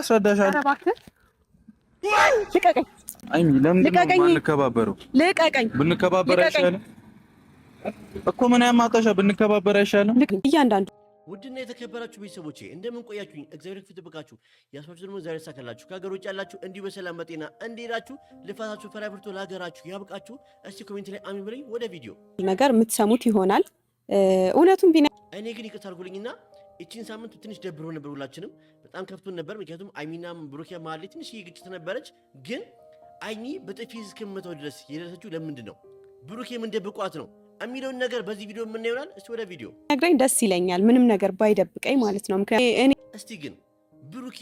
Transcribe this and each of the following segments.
አስረዳሻለሁ። ልቀቀኝ። አይሚ ለምን ብንከባበረው ልቀቀኝ። ብንከባበር አይሻልም እኮ ምን ያማጣሻ? ብንከባበር አይሻልም? እያንዳንዱ ውድና የተከበራችሁ ቤተሰቦቼ እንደምን ቆያችሁኝ? እግዚአብሔር ፊት ጥብቃችሁ ያስባችሁ ደግሞ ዛሬ ሳካላችሁ ከሀገር ውጭ ያላችሁ እንዲሁ በሰላም በጤና እንዲሄዳችሁ ልፋታችሁ ፈራብርቶ ለሀገራችሁ ያብቃችሁ። እስቲ ኮሜንት ላይ አሚን ብለኝ። ወደ ቪዲዮ ነገር የምትሰሙት ይሆናል። እውነቱም ቢና እኔ ግን ይቅርታ አድርጉልኝና ይቺን ሳምንት ትንሽ ደብሮ ነበር ሁላችንም በጣም ከፍቶን ነበር። ምክንያቱም አይሚና ብሩኪያ መሀል ትንሽ ግጭት ነበረች። ግን አይሚ በጥፊ እስከምመታው ድረስ የደረሰችው ለምንድን ነው? ብሩኬ ምን ደብቋት ነው የሚለውን ነገር በዚህ ቪዲዮ የምና ይሆናል። እስቲ ወደ ቪዲዮ ነግረኝ ደስ ይለኛል። ምንም ነገር ባይደብቀኝ ማለት ነው። ምክንያቱም እስቲ ግን ብሩኬ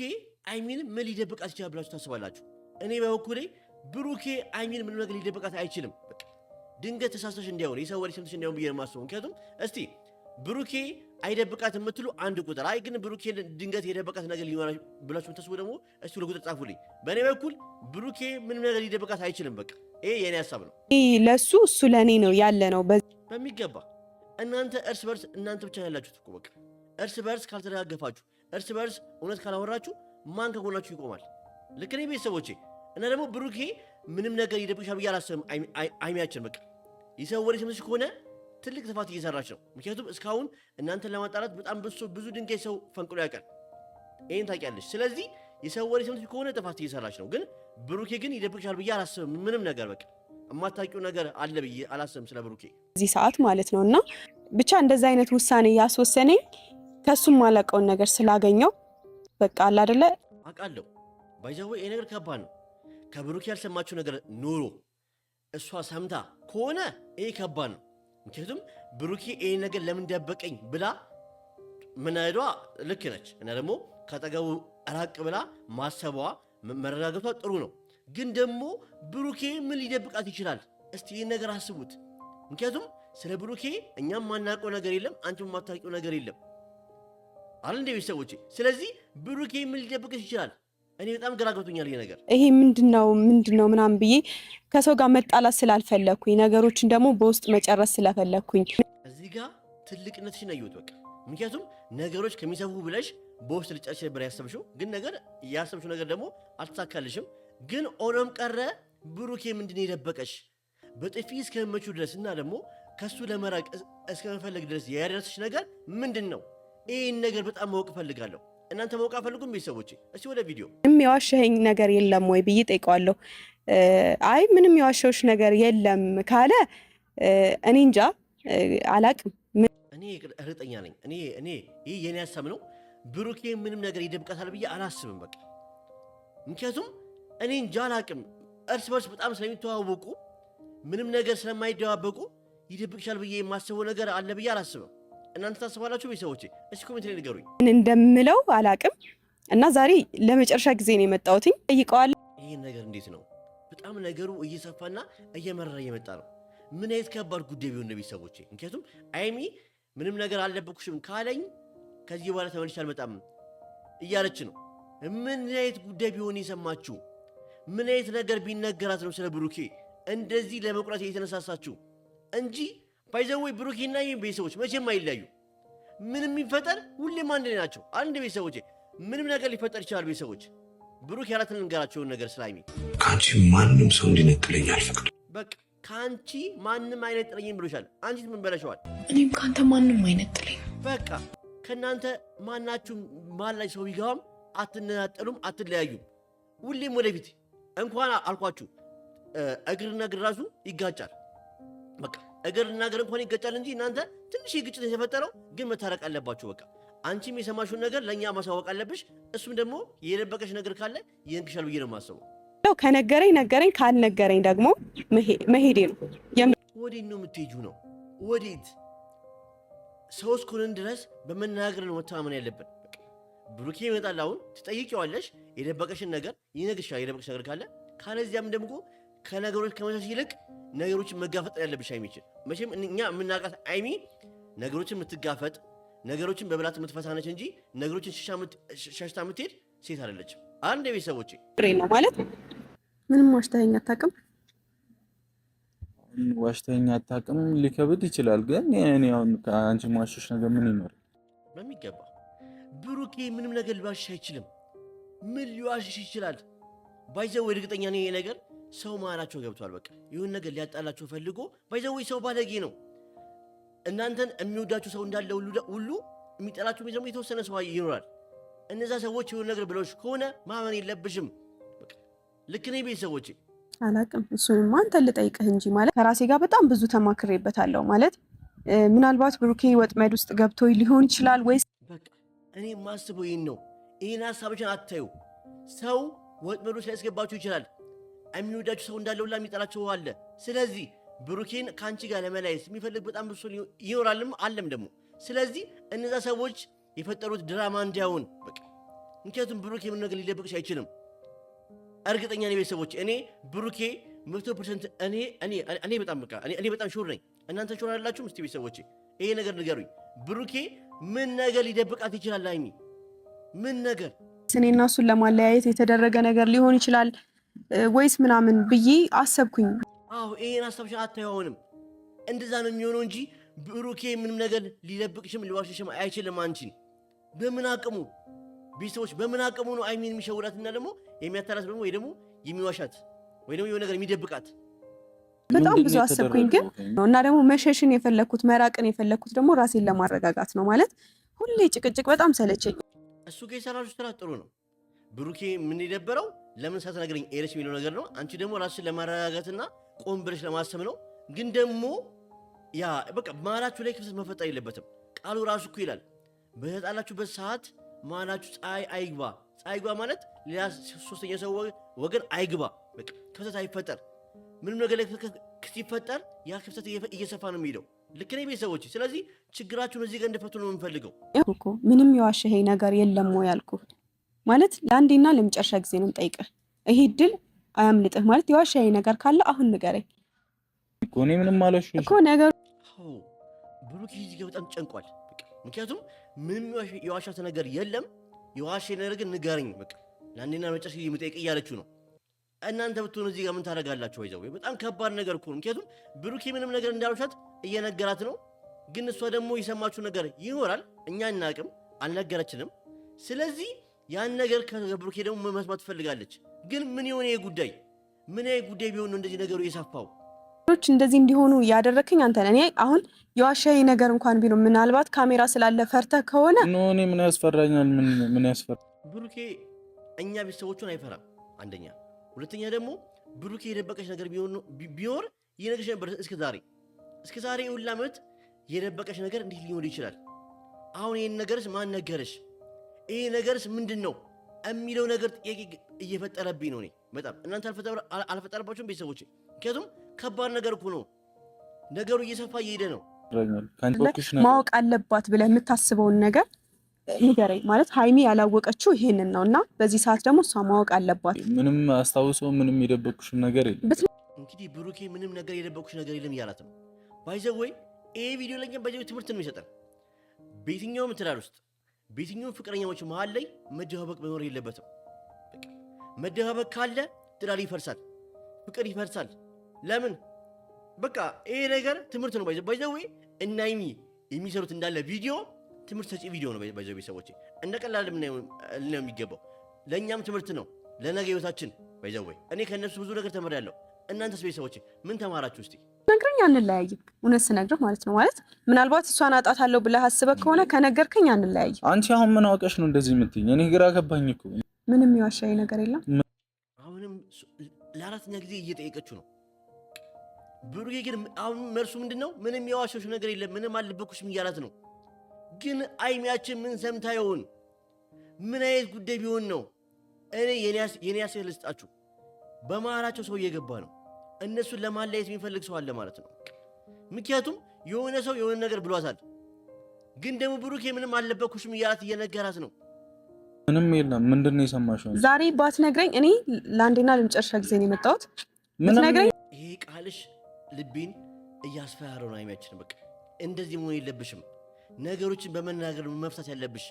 አይሚን ምን ሊደብቃት ይችላል ብላችሁ ታስባላችሁ? እኔ በበኩሌ ብሩኬ አይሚን ምንም ነገር ሊደብቃት አይችልም። ድንገት ተሳስተሽ እንዳይሆን የሰው ወሬ ሰምተሽ እንዳይሆን ብዬ ነው የማስበው። ምክንያቱም እስቲ ብሩኬ አይደብቃት የምትሉ አንድ ቁጥር፣ አይ ግን ብሩኬ ድንገት የደበቃት ነገር ሊሆን ብላችሁ ተስቡ ደግሞ እስቲ ለቁጥር ጻፉልኝ። በእኔ በኩል ብሩኬ ምንም ነገር ሊደብቃት አይችልም። በቃ ይሄ የእኔ ሀሳብ ነው። ለሱ እሱ ለእኔ ነው ያለ ነው በሚገባ እናንተ እርስ በርስ እናንተ ብቻ ያላችሁት እኮ በቃ እርስ በርስ ካልተደጋገፋችሁ፣ እርስ በርስ እውነት ካላወራችሁ ማን ከጎናችሁ ይቆማል? ልክ እኔ ቤተሰቦቼ እና ደግሞ ብሩኬ ምንም ነገር ይደብቅሻል ብዬ አላሰብም። አይሚያችን በቃ ይሰው ወደ ከሆነ ትልቅ ጥፋት እየሰራች ነው። ምክንያቱም እስካሁን እናንተን ለማጣላት በጣም ብሶ ብዙ ድንጋይ ሰው ፈንቅሎ ያውቃል። ይህን ታውቂያለች ስለዚህ የሰው ወሬ ሰምተሽ ከሆነ ጥፋት እየሰራች ነው። ግን ብሩኬ ግን ይደብቅሻል ብዬ አላስብም። ምንም ነገር በቃ የማታውቂው ነገር አለ ብዬ አላስብም ስለ ብሩኬ እዚህ ሰዓት ማለት ነው። እና ብቻ እንደዚ አይነት ውሳኔ ያስወሰነኝ ከእሱም ማላውቀውን ነገር ስላገኘው በቃ አለ አይደለ አውቃለሁ። ባይዛዌ ይህ ነገር ከባድ ነው። ከብሩኬ ያልሰማችው ነገር ኖሮ እሷ ሰምታ ከሆነ ይሄ ከባድ ነው። ምክንያቱም ብሩኬ ይህ ነገር ለምን ደበቀኝ ብላ ምናሄዷ ልክ ነች እና ደግሞ ከጠገቡ ራቅ ብላ ማሰቧ መረጋገቷ ጥሩ ነው። ግን ደግሞ ብሩኬ ምን ሊደብቃት ይችላል? እስቲ ይህን ነገር አስቡት። ምክንያቱም ስለ ብሩኬ እኛም ማናውቀው ነገር የለም፣ አንቺም የማታውቂው ነገር የለም አለ እንደ ቤተሰቦቼ። ስለዚህ ብሩኬ ምን ሊደብቅሽ ይችላል? እኔ በጣም ግራ ገብቶኛል ይሄ ነገር። ይሄ ምንድነው ምንድነው ምናምን ብዬ ከሰው ጋር መጣላት ስላልፈለኩኝ ነገሮችን ደግሞ በውስጥ መጨረስ ስለፈለኩኝ እዚህ ጋር ትልቅነትሽን አየሁት በቃ። ምክንያቱም ነገሮች ከሚሰፉ ብለሽ በውስጥ ልጨርሽ ነበር ያሰብሽው፣ ግን ነገር ያሰብሽው ነገር ደግሞ አልተሳካልሽም። ግን ሆኖም ቀረ ብሩኬ ምንድን የደበቀሽ በጥፊ እስከመቹ ድረስ እና ደግሞ ከሱ ለመራቅ እስከመፈለግ ድረስ ያደረስሽ ነገር ምንድን ነው? ይህን ነገር በጣም ማወቅ እፈልጋለሁ። እናንተ መውቃ ፈልጉም ቤተሰቦች፣ እስቲ ወደ ቪዲዮ። ምንም የዋሸኸኝ ነገር የለም ወይ ብዬ ጠይቀዋለሁ። አይ ምንም የዋሸሁሽ ነገር የለም ካለ እኔ እንጃ አላቅም። እኔ እርግጠኛ ነኝ እኔ እኔ ይህ የኔ ሀሳብ ነው። ብሩኬ ምንም ነገር ይደብቃታል ብዬ አላስብም። በቃ ምክንያቱም እኔ እንጃ አላቅም። እርስ በርስ በጣም ስለሚተዋወቁ ምንም ነገር ስለማይደባበቁ ይደብቅሻል ብዬ የማስበው ነገር አለ ብዬ አላስብም። እናንተ ታስባላችሁ ቤተሰቦቼ? እስኪ ኮሜንት ላይ ንገሩኝ። እንደምለው አላቅም እና ዛሬ ለመጨረሻ ጊዜ ነው የመጣሁትኝ። ጠይቀዋል ይህን ነገር እንዴት ነው በጣም ነገሩ እየሰፋና እየመረረ እየመጣ ነው። ምን አይነት ከባድ ጉዳይ ቢሆን ቤተሰቦቼ። ምክንያቱም አይሚ ምንም ነገር አልደበኩሽም ካለኝ ከዚህ በኋላ ተመልሼ አልመጣም እያለች ነው። ምን አይነት ጉዳይ ቢሆን የሰማችሁ? ምን አይነት ነገር ቢነገራት ነው ስለ ብሩኬ እንደዚህ ለመቁረት የተነሳሳችሁ እንጂ ባይዘዌ ብሩኪና ይህ ቤተሰቦች መቼም አይለያዩ። ምንም የሚፈጠር ሁሌም አንድ ናቸው። አንድ ቤተሰቦች ምንም ነገር ሊፈጠር ይችላል። ቤተሰቦች ብሩክ ያላትን ልንገራቸውን ነገር ስላይሚ ከአንቺ ማንም ሰው እንዲነቅለኝ አልፈቅድም። በቃ ከአንቺ ማንም አይነጥለኝም ብሎሻል። አንቺ ምን በለሸዋል? እኔም ከአንተ ማንም አይነጥለኝ። በቃ ከእናንተ ማናችሁ ላይ ሰው ቢገባም አትነጣጠሉም፣ አትለያዩም። ሁሌም ወደፊት እንኳን አልኳችሁ እግርና እግር ራሱ ይጋጫል። በቃ እግርና እግር እንኳን ይገጫል እንጂ እናንተ ትንሽ ግጭት የተፈጠረው ግን መታረቅ አለባችሁ። በቃ አንቺም የሰማሽውን ነገር ለእኛ ማሳወቅ አለብሽ። እሱም ደግሞ የደበቀሽ ነገር ካለ ይንክሻል ብዬ ነው የማስበው። ከነገረኝ ነገረኝ፣ ካልነገረኝ ደግሞ መሄዴ ነው። ወዴት ነው የምትሄጁ? ነው ወዴት? ሰው እስኮንን ድረስ በመናገር ነው መተማመን ያለብን። ብሩኬ ይመጣል። አሁን ትጠይቂዋለሽ፣ የደበቀሽን ነገር ይነግርሻል፣ የደበቀሽ ነገር ካለ ካለዚያም ደግሞ ከነገሮች ከመሸሽ ይልቅ ነገሮችን መጋፈጥ ያለብሽ አይሚች መቼም እኛ የምናውቃት አይሚ ነገሮችን የምትጋፈጥ ነገሮችን በብላት የምትፈታነች እንጂ ነገሮችን ሸሽታ የምትሄድ ሴት አይደለችም። አንድ የቤተሰቦች ማለት ምንም ዋሽተኸኝ አታውቅም፣ ዋሽተኸኝ አታውቅም። ሊከብድ ይችላል ግን እኔ አሁን ከአንቺ ማሾች ነገር ምን ይኖር በሚገባ ብሩኬ ምንም ነገር ሊዋሽሽ አይችልም። ምን ሊዋሽሽ ይችላል? ባይዘው እርግጠኛ ነው ይሄ ነገር ሰው ማላቸው ገብቷል። በቃ ይሁን ነገር ሊያጣላቸው ፈልጎ ባይዘዌ ሰው ባለጌ ነው። እናንተን የሚወዳችሁ ሰው እንዳለ ሁሉ የሚጠላችሁ ደግሞ የተወሰነ ሰው ይኖራል። እነዛ ሰዎች ይሁን ነገር ብለውሽ ከሆነ ማመን የለብሽም። ልክ እኔ ቤተሰቦቼ አላቅም። እሱንም አንተን ልጠይቅህ እንጂ ማለት ከራሴ ጋር በጣም ብዙ ተማክሬበታለሁ። ማለት ምናልባት ብሩኬ ወጥመድ ውስጥ ገብቶ ሊሆን ይችላል ወይስ እኔ ማስበው ይህን ነው። ይህን ሀሳቦችን አታዩ። ሰው ወጥመዶች ሊያስገባችሁ ይችላል። የሚወዳችሁ ሰው እንዳለ ሁላ የሚጠላችሁ አለ። ስለዚህ ብሩኬን ከአንቺ ጋር ለመለየት የሚፈልግ በጣም ብዙ ይኖራልም አለም ደግሞ። ስለዚህ እነዛ ሰዎች የፈጠሩት ድራማ እንዲያውን በቃ ምክንያቱም ብሩኬ ምን ነገር ሊደብቅሽ አይችልም። እርግጠኛ ነኝ ቤተሰቦች፣ እኔ ብሩኬ መቶ ፐርሰንት እኔ እኔ በጣም በቃ እኔ በጣም ሹር ነኝ። እናንተ ሹር አላችሁም? እስቲ ቤተሰቦቼ ይሄ ነገር ንገሩኝ። ብሩኬ ምን ነገር ሊደብቃት ይችላል? ሀይሚ ምን ነገር እኔና እሱን ለማለያየት የተደረገ ነገር ሊሆን ይችላል። ወይስ ምናምን ብዬ አሰብኩኝ። አዎ ይሄን ሀሳብሽን አታየሆንም። እንደዛ ነው የሚሆነው እንጂ ብሩኬ ምንም ነገር ሊደብቅሽም ሊዋሽሽም አይችልም። አንቺን በምን አቅሙ ቤተሰቦች በምን አቅሙ ነው አይሚን የሚሸውዳት እና ደግሞ የሚያታላት ደግሞ ወይ ደግሞ የሚዋሻት ወይ ደግሞ የሆነ ነገር የሚደብቃት በጣም ብዙ አሰብኩኝ ግን እና ደግሞ መሸሽን የፈለግኩት መራቅን የፈለግኩት ደግሞ ራሴን ለማረጋጋት ነው። ማለት ሁሌ ጭቅጭቅ በጣም ሰለቸኝ። እሱ ከሰራሹ ስራ ጥሩ ነው። ብሩኬ ምን የደበረው ለምን ሳትነግረኝ ሄደች የሚለው ነገር ነው። አንቺ ደግሞ ራስሽን ለማረጋጋትና ቆም ብለሽ ለማሰብ ነው። ግን ደግሞ ያ በቃ መሀላችሁ ላይ ክፍተት መፈጠር የለበትም። ቃሉ ራሱ እኮ ይላል በተጣላችሁበት ሰዓት መሀላችሁ ፀሐይ አይግባ። ፀሐይ ግባ ማለት ሌላ ሶስተኛ ሰው ወገን አይግባ፣ ክፍተት አይፈጠር። ምንም ነገር ላይ ሲፈጠር ያ ክፍተት እየሰፋ ነው የሚሄደው። ልክ ነው ቤተሰቦች። ስለዚህ ችግራችሁን እዚህ ጋር እንደፈቱ ነው የምንፈልገው። ምንም የዋሸሄ ነገር የለም ያልኩት ማለት ለአንዴና ለመጨረሻ ጊዜ ነው ምጠይቅ ይሄ እድል አያምልጥህ። ማለት የዋሻዬ ነገር ካለ አሁን ንገረኝ እኮ እኔ ምንም አለሽ እኮ ነገሩ ብሩክ ጊዜ በጣም ጨንቋል። ምክንያቱም ምንም የዋሻት ነገር የለም። የዋሻ ነገር ግን ንገረኝ በቃ ለአንዴና ለመጨረሻ ጊዜ የምጠይቅ እያለችው ነው። እናንተ ብትሆኑ እዚህ ጋር ምን ታደርጋላችሁ? ይዘው በጣም ከባድ ነገር እኮ ምክንያቱም ብሩኬ ምንም ነገር እንዳልሻት እየነገራት ነው። ግን እሷ ደግሞ የሰማችሁ ነገር ይኖራል፣ እኛ እናቅም፣ አልነገረችንም። ስለዚህ ያን ነገር ከብሩኬ ደግሞ መስማት ትፈልጋለች። ግን ምን የሆነ ጉዳይ ምን ይ ጉዳይ ቢሆን ነው እንደዚህ ነገሩ የሰፋው? ነገሮች እንደዚህ እንዲሆኑ ያደረክኝ አንተ ነህ። እኔ አሁን የዋሻዬ ነገር እንኳን ቢሆን ምናልባት ካሜራ ስላለ ፈርተህ ከሆነ እኔ ምን ያስፈራኛል? ምን ያስፈራ ብሩኬ እኛ ቤተሰቦቹን አይፈራም። አንደኛ፣ ሁለተኛ ደግሞ ብሩኬ የደበቀች ነገር ቢኖር የነገረች ነበር እስከ ዛሬ እስከ ዛሬ ሁላ ዓመት የደበቀች ነገር እንዴት ሊኖር ይችላል? አሁን ይህን ነገርስ ማን ነገረሽ? ይህ ነገርስ ምንድን ነው የሚለው ነገር ጥያቄ እየፈጠረብኝ ነው። በጣም እናንተ አልፈጠረባችሁም ቤተሰቦች? ምክንያቱም ከባድ ነገር እኮ ነው። ነገሩ እየሰፋ እየሄደ ነው። ማወቅ አለባት ብለህ የምታስበውን ነገር ንገረኝ ማለት ሀይሚ ያላወቀችው ይሄንን ነው እና በዚህ ሰዓት ደግሞ እሷ ማወቅ አለባት። ምንም አስታውሰው ምንም የደበቅኩሽ ነገር የለም። እንግዲህ ብሩኬ ምንም ነገር የደበቅኩሽ ነገር የለም እያላት ነው። ባይዘ ወይ ይሄ ቪዲዮ ለኛ በዚ ትምህርት ነው የሚሰጠን በየትኛውም ትዳር ውስጥ በየትኛውም ፍቅረኛዎች መሀል ላይ መደባበቅ መኖር የለበትም። መደባበቅ ካለ ትዳር ይፈርሳል፣ ፍቅር ይፈርሳል። ለምን በቃ ይሄ ነገር ትምህርት ነው። ባይዘዌ እና ሀይሚ የሚሰሩት እንዳለ ቪዲዮ ትምህርት ሰጪ ቪዲዮ ነው። ባይዘዌ ሰዎች እንደ ቀላል ልናየው የሚገባው ለእኛም ትምህርት ነው፣ ለነገ ህይወታችን። ባይዘዌ እኔ ከእነሱ ብዙ ነገር ተምሬያለሁ። እናንተስ ቤተሰቦች ምን ተማራችሁ እስቲ? ብትነግረኝ አንለያይም። እውነት ስነግርህ ማለት ነው። ማለት ምናልባት እሷን አጣታለሁ ብለህ አስበህ ከሆነ ከነገርከኝ አንለያይም። አንቺ አሁን ምን አውቀሽ ነው እንደዚህ የምትይኝ? እኔ ግራ ገባኝ እኮ። ምንም የዋሻዬ ነገር የለም። አሁንም ለአራተኛ ጊዜ እየጠየቀችው ነው። ብሩኬ ግን አሁን መልሱ ምንድን ነው? ምንም የዋሸሁሽ ነገር የለም፣ ምንም አልበኩሽም እያላት ነው። ግን አይሚያችን ምን ሰምታ ይሆን? ምን አይነት ጉዳይ ቢሆን ነው? እኔ የኔ ልስጣችሁ፣ በመሃላቸው ሰው እየገባ ነው እነሱን ለማለየት የሚፈልግ ሰው አለ ማለት ነው። ምክንያቱም የሆነ ሰው የሆነ ነገር ብሏታል፣ ግን ደግሞ ብሩኬ ምንም አለበኩሽም እያላት እየነገራት ነው። ምንም የለም። ምንድን ነው የሰማሽው? ዛሬ ባትነግረኝ እኔ ለአንዴና ለመጨረሻ ጊዜ ነው የመጣሁት። ምትነግረኝ ይሄ ቃልሽ ልቤን እያስፈራረው ነው። አይመችንም። በቃ እንደዚህ መሆን የለብሽም። ነገሮችን በመናገር መፍታት ያለብሽ።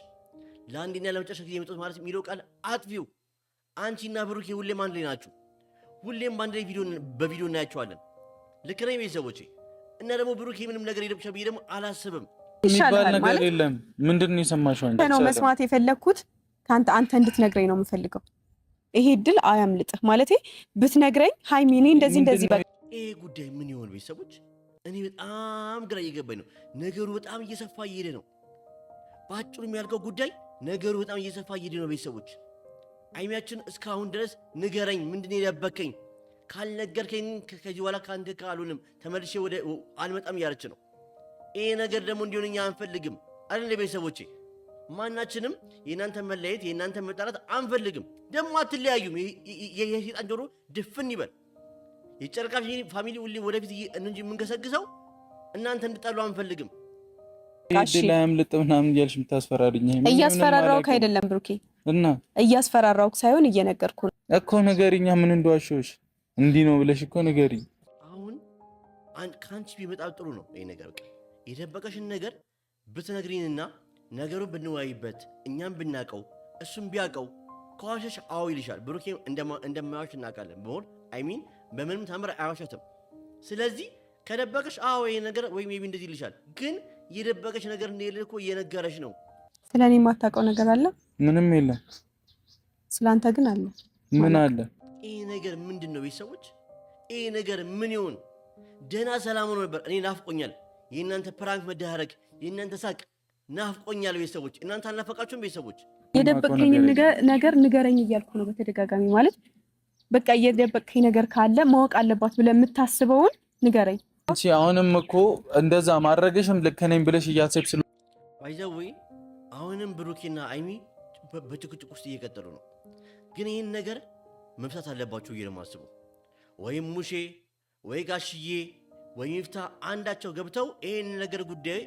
ለአንዴና ለመጨረሻ ጊዜ የመጣሁት ማለት የሚለው ቃል አጥፊው አንቺና ብሩኬ ሁሌም አንድ ላይ ናችሁ። ሁሌም በአንድ ላይ በቪዲዮ እናያቸዋለን። ልክ ነኝ ቤተሰቦቼ? እና ደግሞ ብሩኬ ምንም ነገር የለብሻ ብዬ ደግሞ አላስብም። የሚባል ነገር የለም። ምንድን ነው የሰማሽው? ነው መስማት የፈለግኩት ከአንተ አንተ እንድትነግረኝ ነው የምፈልገው። ይሄ እድል አያምልጥህ ማለት ብትነግረኝ፣ ሀይሚ እኔ እንደዚህ እንደዚህ ይሄ ጉዳይ ምን ይሆን ቤተሰቦች? እኔ በጣም ግራ እየገባኝ ነው። ነገሩ በጣም እየሰፋ እየሄደ ነው። በአጭሩ የሚያልቀው ጉዳይ ነገሩ በጣም እየሰፋ እየሄደ ነው ቤተሰቦች አይሚያችን እስካሁን ድረስ ንገረኝ፣ ምንድን የደበከኝ? ካልነገርከኝ ከዚህ በኋላ ከአንተ ካልሆንም ተመልሼ ወደ አልመጣም እያለች ነው። ይሄ ነገር ደግሞ እንዲሆን እኛ አንፈልግም አይደል? ቤተሰቦቼ ማናችንም የእናንተ መለየት የእናንተ መጣላት አንፈልግም። ደግሞ አትለያዩም። የሴጣን ጆሮ ድፍን ይበል። የጨረቃ ፋሚሊ ሁሌ ወደፊት እንጂ የምንገሰግሰው እናንተ እንድጠሉ አንፈልግም። ላይ ላምልጥ ምናምን እያልሽ የምታስፈራሪኝ እያስፈራራው አይደለም ብሩኬ እና እያስፈራራሁ ሳይሆን እየነገርኩ ነው እኮ። ንገሪኛ፣ ምን እንደዋሸሁሽ። እንዲህ ነው ብለሽ እኮ ንገሪኝ። አሁን ከአንቺ ቢመጣ ጥሩ ነው ይሄ ነገር። የደበቀሽን ነገር ብትነግሪንና ነገሩን ብንወያይበት እኛም ብናቀው እሱም ቢያቀው ከዋሸሽ አዎ ይልሻል። ብሩኬ እንደማያዋሽ እናውቃለን። በሆን አይሚን በምንም ታምር አይዋሸትም። ስለዚህ ከደበቀሽ አዎ ይሄ ነገር ወይም ቢ እንደዚህ ይልሻል። ግን የደበቀሽ ነገር እንደሌለ እኮ እየነገረሽ ነው። ስለ እኔ የማታውቀው ነገር አለ ምንም የለም። ስለአንተ ግን አለ። ምን አለ? ይሄ ነገር ምንድን ነው? ቤተሰቦች፣ ይሄ ነገር ምን ይሆን? ደህና ሰላም ሆኖ ነበር። እኔ ናፍቆኛል። የእናንተ ፕራንክ መደረግ፣ የእናንተ ሳቅ ናፍቆኛል። ቤተሰቦች፣ እናንተ አልናፈቃችሁም? ቤተሰቦች፣ የደበቅኝ ነገር ንገረኝ እያልኩ ነው በተደጋጋሚ ማለት በቃ የደበቅኝ ነገር ካለ ማወቅ አለባት ብለህ የምታስበውን ንገረኝ። አሁንም እኮ እንደዛ ማድረግሽም ልክ ነኝ ብለሽ እያሰብሽ አሁንም ብሩኬና አይሚ በጭቅጭቅ ውስጥ እየቀጠሉ ነው። ግን ይህን ነገር መፍታት አለባቸው ብዬ ነው የማስበው። ወይም ሙሼ ወይ ጋሽዬ ወይ ይፍታ አንዳቸው ገብተው ይህን ነገር ጉዳይ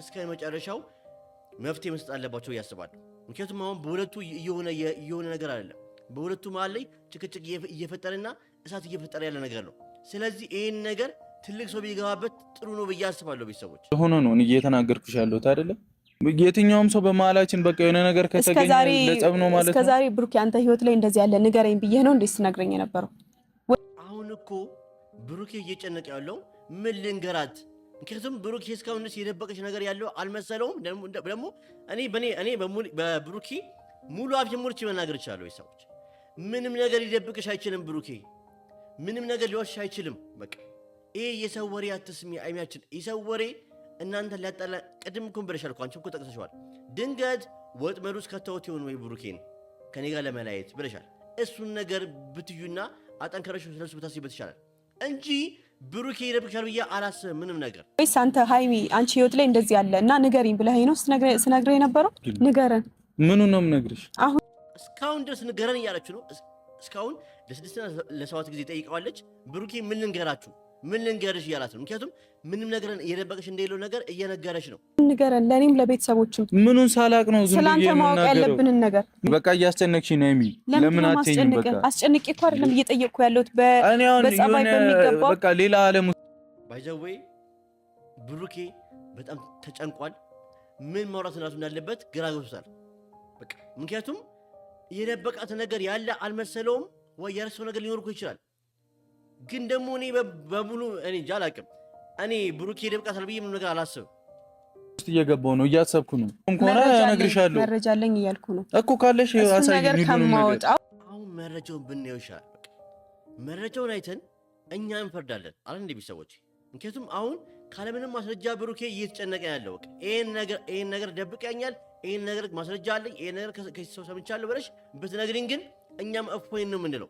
እስከ መጨረሻው መፍትሄ መስጠት አለባቸው ያስባል። ምክንያቱም አሁን በሁለቱ እየሆነ ነገር አይደለም። በሁለቱ መሀል ላይ ጭቅጭቅ እየፈጠረና እሳት እየፈጠረ ያለ ነገር ነው። ስለዚህ ይህን ነገር ትልቅ ሰው ቢገባበት ጥሩ ነው ብዬ አስባለሁ። ቤተሰቦች ሆኖ ነው እየተናገርኩሽ ያለሁት አይደለም የትኛውም ሰው በመሀላችን በቃ የሆነ ነገር ከተገኘ ለጸብ ነው ማለት ነው። እስከዛሬ ብሩክ አንተ ህይወት ላይ እንደዚህ ያለ ንገረኝ ብዬ ነው እንዴት ስነግረኝ የነበረው። አሁን እኮ ብሩኬ እየጨነቀ ያለው ምን ልንገራት? ምክንያቱም ብሩኬ እስካሁን ድረስ የደበቀች ነገር ያለው አልመሰለውም። ደግሞ እኔ እኔ በብሩኬ ሙሉ አፍ ጀምሮች መናገር ይቻለሁ። ሰዎች ምንም ነገር ሊደብቅሽ አይችልም። ብሩኬ ምንም ነገር ሊዋሽሽ አይችልም። በቃ ይሄ የሰው ወሬ አትስሚ። አይሚያችን የሰው ወሬ እናንተ ሊያጣላ ቅድም ኩን ብለሻል እኮ አንቺም እኮ ድንገት ወጥመድ ውስጥ ከተውት ይሆን ወይ ብሩኬን ከኔ ጋር ለመለያየት ብለሻል። እሱን ነገር ብትዩና አጠንከረሽ ስለሱ ብታስይበት ይሻላል እንጂ ብሩኬ ይደብቅሻል ብዬ አላስብም። ምንም ነገር ወይስ አንተ ሀይሚ፣ አንቺ ህይወት ላይ እንደዚህ አለ እና ንገሪኝ ብለኸኝ ነው ስነግረህ የነበረው? ንገረን። ምኑ ነው የምነግርሽ? አሁን እስካሁን ድረስ ንገረን እያለች ነው። እስካሁን ለስድስትና ለሰባት ጊዜ ጠይቀዋለች። ብሩኬ ምን ልንገራችሁ ምን ልንገርሽ እያላት ነው። ምክንያቱም ምንም ነገር የደበቀሽ እንደሌለው ነገር እየነገረች ነው። ንገረን፣ ለእኔም ለቤተሰቦችም ምኑን ሳላቅ ነው ዝም ብዬ ማወቅ ያለብንን ነገር። በቃ እያስጨነቅሽ ነው የሚ ለምን አትይኝም? አስጨንቅ አስጨንቄ እኮ አይደለም እየጠየቅኩ ያለሁት በጸባይ በሚገባው በቃ ሌላ ዓለም ባይዘዌ ብሩኬ በጣም ተጨንቋል። ምን ማውራት እናቱ እንዳለበት ግራ ገብቶታል። በቃ ምክንያቱም የደበቃት ነገር ያለ አልመሰለውም። ወይ የረሰው ነገር ሊኖር እኮ ይችላል ግን ደግሞ እኔ በሙሉ እኔ እንጃ አላውቅም። እኔ ብሩኬ ደብቃታል ብዬ ምንም ነገር አላስብም። ውስጥ እየገባው ነው እያሰብኩ ነው ሆነ እነግርሻለሁ። መረጃ አለኝ እያልኩ ነው እኮ ካለሽ አሳይ። አሁን መረጃውን ብናየው ይሻላል። መረጃውን አይተን እኛ እንፈርዳለን አለ እንደ ቤተሰቦች። ምክንያቱም አሁን ካለምንም ማስረጃ ብሩኬ እየተጨነቀ ያለው ይህን ነገር ደብቀኛል፣ ይህን ነገር ማስረጃ አለኝ፣ ይህን ነገር ከሰው ሰምቻለሁ ብለሽ ብትነግሪኝ ግን እኛም እፎይን ነው የምንለው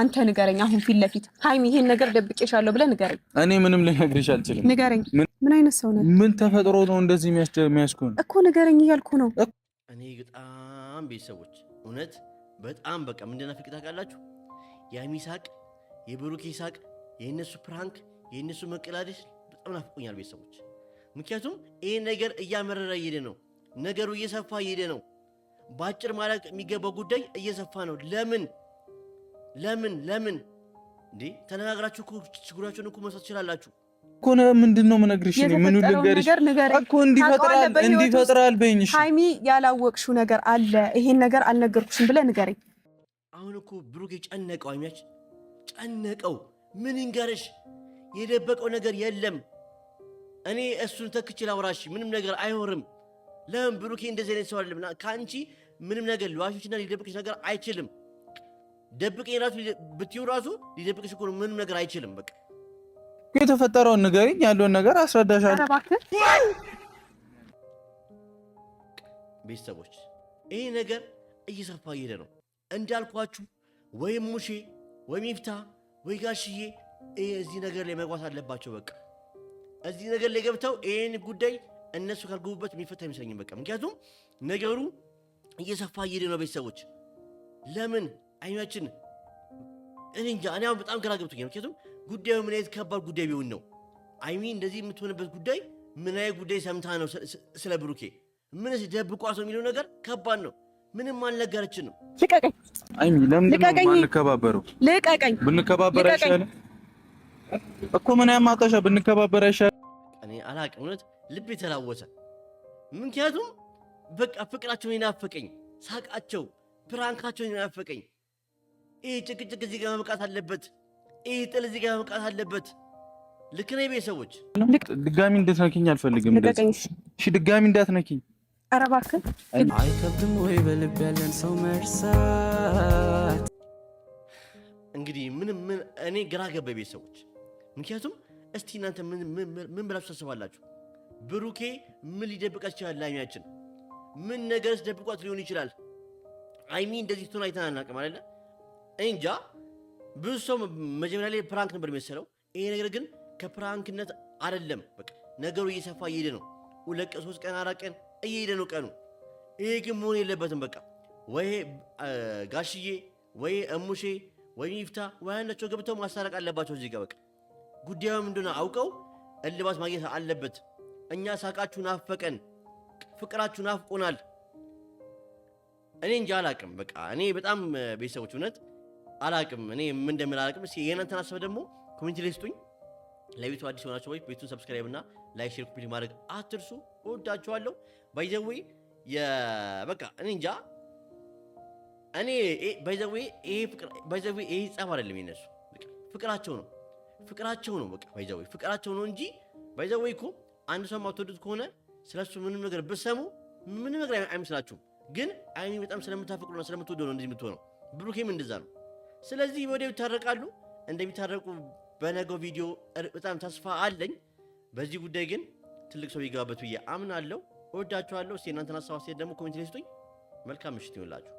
አንተ ንገረኝ። አሁን ፊት ለፊት ሀይሚ ይሄን ነገር ደብቄሻለሁ ብለህ ንገረኝ። እኔ ምንም ልነግርሽ አልችልም። ንገረኝ። ምን አይነት ሰው ነው? ምን ተፈጥሮ ነው እንደዚህ ነው እኮ ንገረኝ እያልኩ ነው። እኔ በጣም ቤተሰቦች፣ እውነት በጣም በቃ ምንድን ነው ታቃላችሁ? ታውቃላችሁ? የሀይሚ ሳቅ፣ ሳቅ፣ የእነሱ ፕራንክ፣ የእነሱ መቀላደስ በጣም ናፍቆኛል ቤተሰቦች። ምክንያቱም ይሄ ነገር እያመረረ እየሄደ ነው። ነገሩ እየሰፋ እየሄደ ነው። በአጭር ማለቅ የሚገባው ጉዳይ እየሰፋ ነው። ለምን ለምን ለምን እንዴ ተነጋግራችሁ ችግራችሁን እኮ መስዋት ትችላላችሁ እኮ ነው። ምንድን ነው የምነግርሽ? ምን ልንገርሽ እኮ እንዲፈጥራል እንዲፈጥራል በይኝሽ። ሃይሚ ያላወቅሽው ነገር አለ፣ ይሄን ነገር አልነገርኩሽም ብለህ ንገረኝ። አሁን እኮ ብሩክ ጨነቀው፣ አይሚያች ጨነቀው። ምን ንገርሽ? የደበቀው ነገር የለም። እኔ እሱን ተክቼ ላውራሽ ምንም ነገር አይሆንም። ለምን ብሩኬ እንደዚህ አይነት ሰው አይደለም። ከአንቺ ምንም ነገር ሊዋሽችና ሊደብቅሽ ነገር አይችልም። ደብቄ ራሱ ብትዩ ራሱ ሊደብቅሽ እኮ ምንም ነገር አይችልም። በቃ የተፈጠረውን ንገሪኝ፣ ያለውን ነገር አስረዳሻለሁ። ቤተሰቦች ይሄ ነገር እየሰፋ እየሄደ ነው እንዳልኳችሁ፣ ወይም ሙሼ ወይም ይፍታ ወይ ጋሽዬ እዚህ ነገር ላይ መግባት አለባቸው። በቃ እዚህ ነገር ላይ ገብተው ይህን ጉዳይ እነሱ ካልገቡበት የሚፈታ አይመስለኝም። በቃ ምክንያቱም ነገሩ እየሰፋ እየሄደ ነው ቤተሰቦች ለምን አይናችን እኔ እንጃ እኔ አሁን በጣም ግራ ገብቶኛል። ምክንያቱም ጉዳዩ ምን አይነት ከባድ ጉዳይ ቢሆን ነው አይሚ እንደዚህ የምትሆንበት ጉዳይ ምን አይነት ጉዳይ ሰምታ ነው? ስለ ብሩኬ ምንስ ደብቋት ነው የሚለው ነገር ከባድ ነው። ምንም አልነገረችንም። ልቀቀኝ አይሚ፣ ለምንድን ነው የማንከባበረው? ልቀቀኝ። ብንከባበር አይሻልም እኮ ምን ያማጣሻ? ብንከባበር አይሻልም? እኔ አላቅም፣ እውነት ልብ የተላወሰ ምክንያቱም በቃ ፍቅራቸውን ይናፈቀኝ፣ ሳቃቸው፣ ፕራንካቸውን ይናፈቀኝ ይህ ጭቅጭቅ እዚህ ጋር መብቃት አለበት። ይህ ጥል እዚህ ጋር መብቃት አለበት። ልክ ነኝ ቤተሰቦች። ድጋሚ እንድትነኪኝ አልፈልግም። እሺ ድጋሚ እንዳትነኪኝ። ኧረ እባክህ አይከብድም ወይ በልብ ያለን ሰው መርሳት። እንግዲህ ምንም ምን እኔ ግራ ገባኝ ቤተሰቦች። ምክንያቱም እስቲ እናንተ ምን ብላችሁ ታስባላችሁ? ብሩኬ ምን ሊደብቃት ይችላል? ላሚያችን ምን ነገርስ ደብቋት ሊሆን ይችላል? አይሚ እንደዚህ ሆና አይተን አናውቅም አይደለ እንጃ ብዙ ሰው መጀመሪያ ላይ ፕራንክ ነበር የሚመስለው። ይሄ ነገር ግን ከፕራንክነት አይደለም። በቃ ነገሩ እየሰፋ እየሄደ ነው። ሁለት ቀን፣ ሶስት ቀን፣ አራት ቀን እየሄደ ነው ቀኑ። ይሄ ግን መሆን የለበትም። በቃ ወይ ጋሽዬ ወይ እሙሼ ወይ ይፍታ ወይ አንዳቸው ገብተው ማስታረቅ አለባቸው። እዚህ በቃ ጉዳዩም እንደሆነ አውቀው እልባት ማግኘት አለበት። እኛ ሳቃችሁ ናፈቀን፣ ፍቅራችሁ ናፍቆናል። እኔ እንጃ አላቅም። በቃ እኔ በጣም ቤተሰቦች እውነት አላቅም እኔ ምን እንደምል አላቅም። እስኪ የእናንተን ሀሳብ ደግሞ ኮሚኒቲ ላይ ስጡኝ። ለቤቱ አዲስ የሆናችሁ ሰዎች ቤቱን ሰብስክራይብ እና ላይክ፣ ሼር፣ ኮፒ ማድረግ አትርሱ። እወዳችኋለሁ። ባይዘዌ በቃ እኔ እንጃ እኔ ባይዘዌ ይሄ ፍቅር ባይዘዌ ይሄ ጸብ አይደለም የነሱ ፍቅራቸው ነው ፍቅራቸው ነው በቃ ባይዘዌ ፍቅራቸው ነው እንጂ ባይዘዌ እኮ አንድ ሰው ማትወዱት ከሆነ ስለሱ ምንም ነገር ብሰሙ ምንም ነገር አይመስላችሁም። ግን አይሚ በጣም ስለምታፈቅሩና ስለምትወደው ነው እንደዚህ የምትሆነው። ብሩኬም እንደዛ ነው። ስለዚህ ወዲያው ይታረቃሉ። እንደሚታረቁ በነገው ቪዲዮ በጣም ተስፋ አለኝ። በዚህ ጉዳይ ግን ትልቅ ሰው ይገባበት ብዬ አምናለሁ። እወዳችኋለሁ። እስኪ እናንተን ሀሳብ አስተያየት ደግሞ ኮሜንት ላይ ስጡኝ። መልካም ምሽት ይሁንላችሁ።